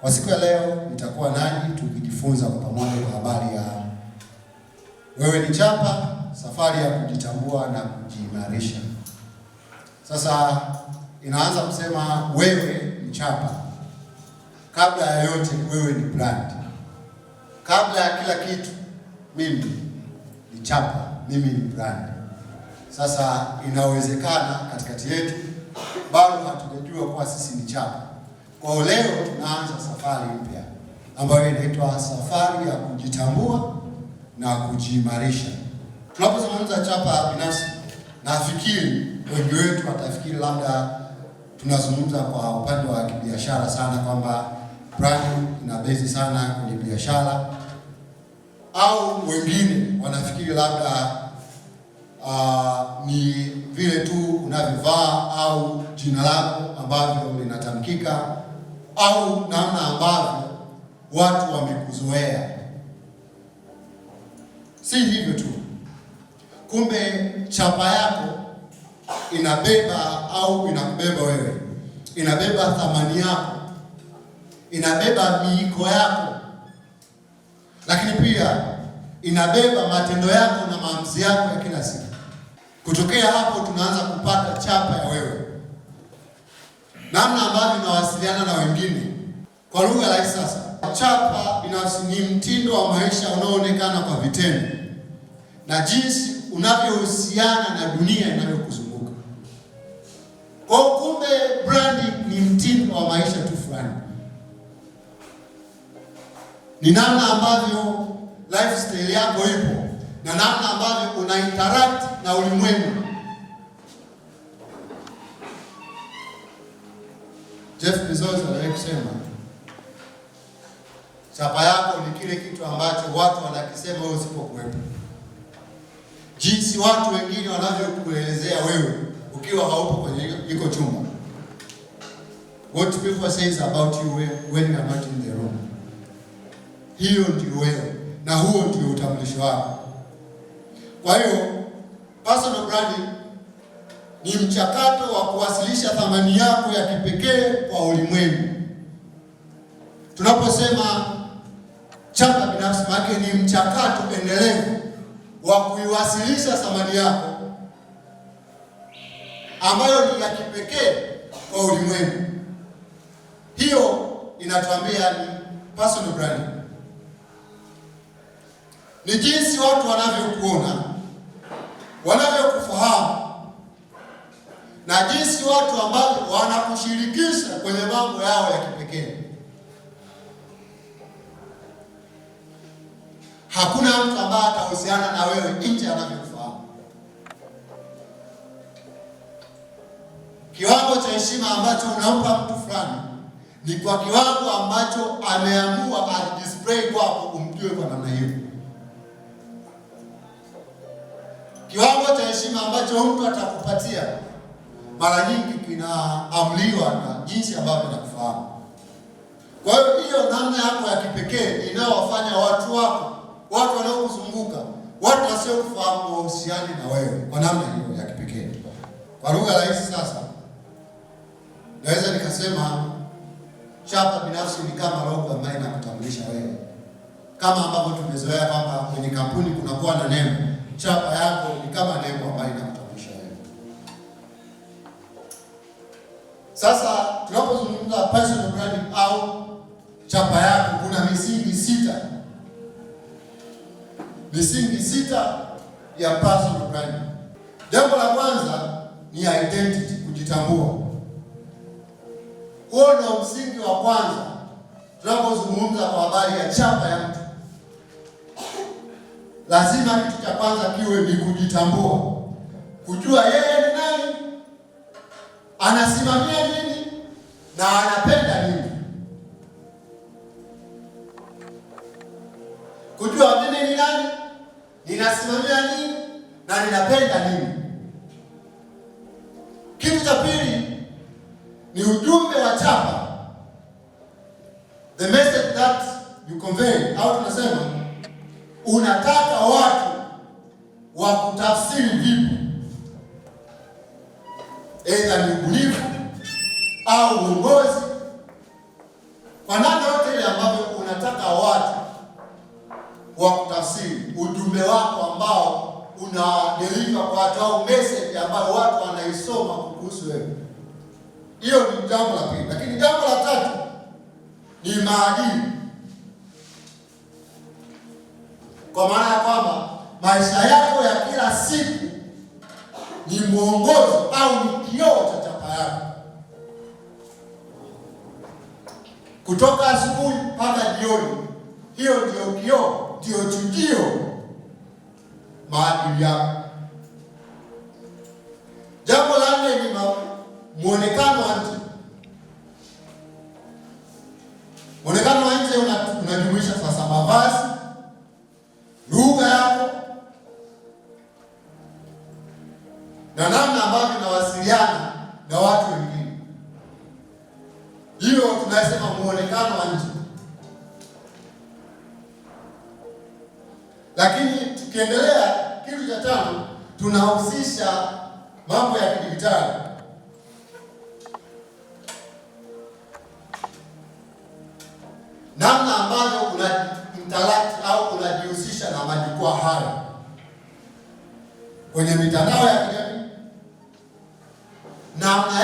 Kwa siku ya leo nitakuwa nanyi tukijifunza kwa pamoja kwa habari ya wewe ni chapa, safari ya kujitambua na kujiimarisha. Sasa inaanza kusema wewe ni chapa. Kabla ya yote, wewe ni brand. Kabla ya kila kitu, mimi ni chapa, mimi ni brand. Sasa inawezekana katikati yetu bado hatujajua kuwa sisi ni chapa kwa leo tunaanza safari mpya ambayo inaitwa safari ya kujitambua na kujiimarisha. Tunapozungumza chapa binafsi, nafikiri wengi wetu watafikiri labda tunazungumza kwa upande wa kibiashara sana, kwamba brand ina base sana kwenye biashara, au wengine wanafikiri labda uh, ni vile tu unavyovaa au jina lako ambavyo linatamkika au namna ambavyo watu wamekuzoea. Si hivyo tu, kumbe chapa yako inabeba au inakubeba wewe, inabeba thamani yako, inabeba miiko yako, lakini pia inabeba matendo yako na maamuzi yako ya kila siku. Kutokea hapo, tunaanza kupata chapa ya wewe namna ambavyo inawasiliana na wengine kwa lugha ya kisasa. Chapa binafsi ni mtindo wa maisha unaoonekana kwa vitendo na jinsi unavyohusiana na dunia inayokuzunguka. Kwa kumbe, brandi ni mtindo wa maisha tu fulani, ni namna ambavyo lifestyle yako ipo na namna ambavyo una interact na ulimwengu. Jeff Bezos aliwahi kusema chapa yako ni kile kitu ambacho watu wanakisema wewe usipokuwepo. Jinsi watu wengine wanavyokuelezea wewe ukiwa haupo kwenye iko chumba. What people says about you when you are not in the room. Hiyo ndio wewe na huo ndio utambulisho wako. Kwa hiyo personal branding ni mchakato wa kuwasilisha thamani yako ya kipekee kwa ulimwengu. Tunaposema chapa binafsi, maana ni mchakato endelevu wa kuiwasilisha thamani yako ambayo ni ya kipekee kwa ulimwengu. Hiyo inatuambia ni personal branding, ni jinsi watu wanavyokuona, wanavyokufahamu na jinsi watu ambao wanakushirikisha kwenye mambo yao ya kipekee. Hakuna mtu ambaye atahusiana na wewe nje anavyofahamu. Kiwango cha heshima ambacho unampa mtu fulani ni kwa kiwango ambacho ameamua adisplay kwako, umjue kwa namna hiyo. Kiwango cha heshima ambacho mtu atakupatia mara nyingi kinaamliwa na jinsi ambavyo nakufahamu. Kwa hiyo hiyo namna yako ya kipekee inayowafanya watu wako, watu wanaokuzunguka, watu wasiokufahamu wahusiani na wewe kwa namna hiyo ya kipekee. Kwa lugha rahisi sasa, naweza nikasema chapa binafsi ni kama logo ambayo inakutambulisha wewe, kama ambavyo tumezoea kwamba kwenye kampuni kunakuwa na nembo. Chapa yako ni kama nembo ambayo Sasa tunapozungumza personal branding au chapa yako, kuna misingi sita, misingi sita ya personal branding. Jambo la kwanza ni identity, kujitambua. Huo ndio msingi wa kwanza tunapozungumza kwa habari ya chapa ya mtu. Lazima kitu cha kwanza kiwe ni kujitambua, kujua yeye anasimamia nini na anapenda nini. Kujua mimi ni nani, ninasimamia nini na ninapenda nini. Kitu cha pili ni ujumbe wa chapa, the message that you convey, au tunasema unataka au uongozi, kwa namna yote ile ambavyo unataka watu wa kutafsiri ujumbe wako ambao deliver kwa watu au message ambayo watu wanaisoma kuhusu wewe. Hiyo ni jambo la pili, lakini jambo la tatu ni maadili, kwa maana ya kwamba maisha yako ya kila siku ni mwongozo au ni kioo cha chapa yako. kutoka asubuhi mpaka jioni. Hiyo ndio kioo, ndio chujio maadili yako. Jambo la nne ni mwonekano wa nje. Mwonekano wa nje unajumuisha una sasa mavazi, lugha yako na namna ambavyo inawasiliana asema muonekano wa nje, lakini tukiendelea, kitu cha tano tunahusisha mambo ya kidijitali. namna ambavyo unainteract au unajihusisha na majukwaa hayo kwenye mitandao ya kijamii namna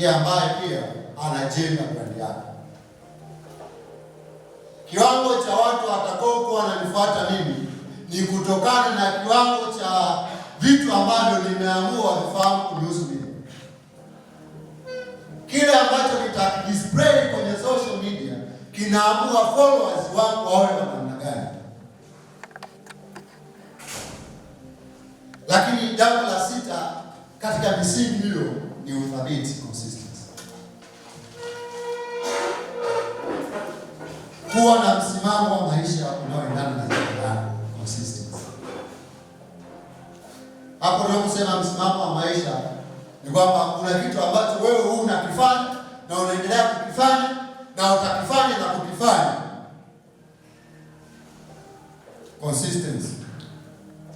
ndiye ambaye pia anajenga brandi yake. Kiwango cha watu watakaokuwa wananifuata mimi ni kutokana na kiwango cha vitu ambavyo nimeamua vifahamu kuhusu mimi. Kile ambacho kitadisplay kwenye social media kinaamua followers wangu wawe na namna gani. Lakini jambo la sita katika misingi hiyo ni uthabiti. Hapo unaposema msimamo wa maisha ni kwamba kuna kitu ambacho wewe huu unakifanya na unaendelea kukifanya na utakifanya na kukifanya. Consistency.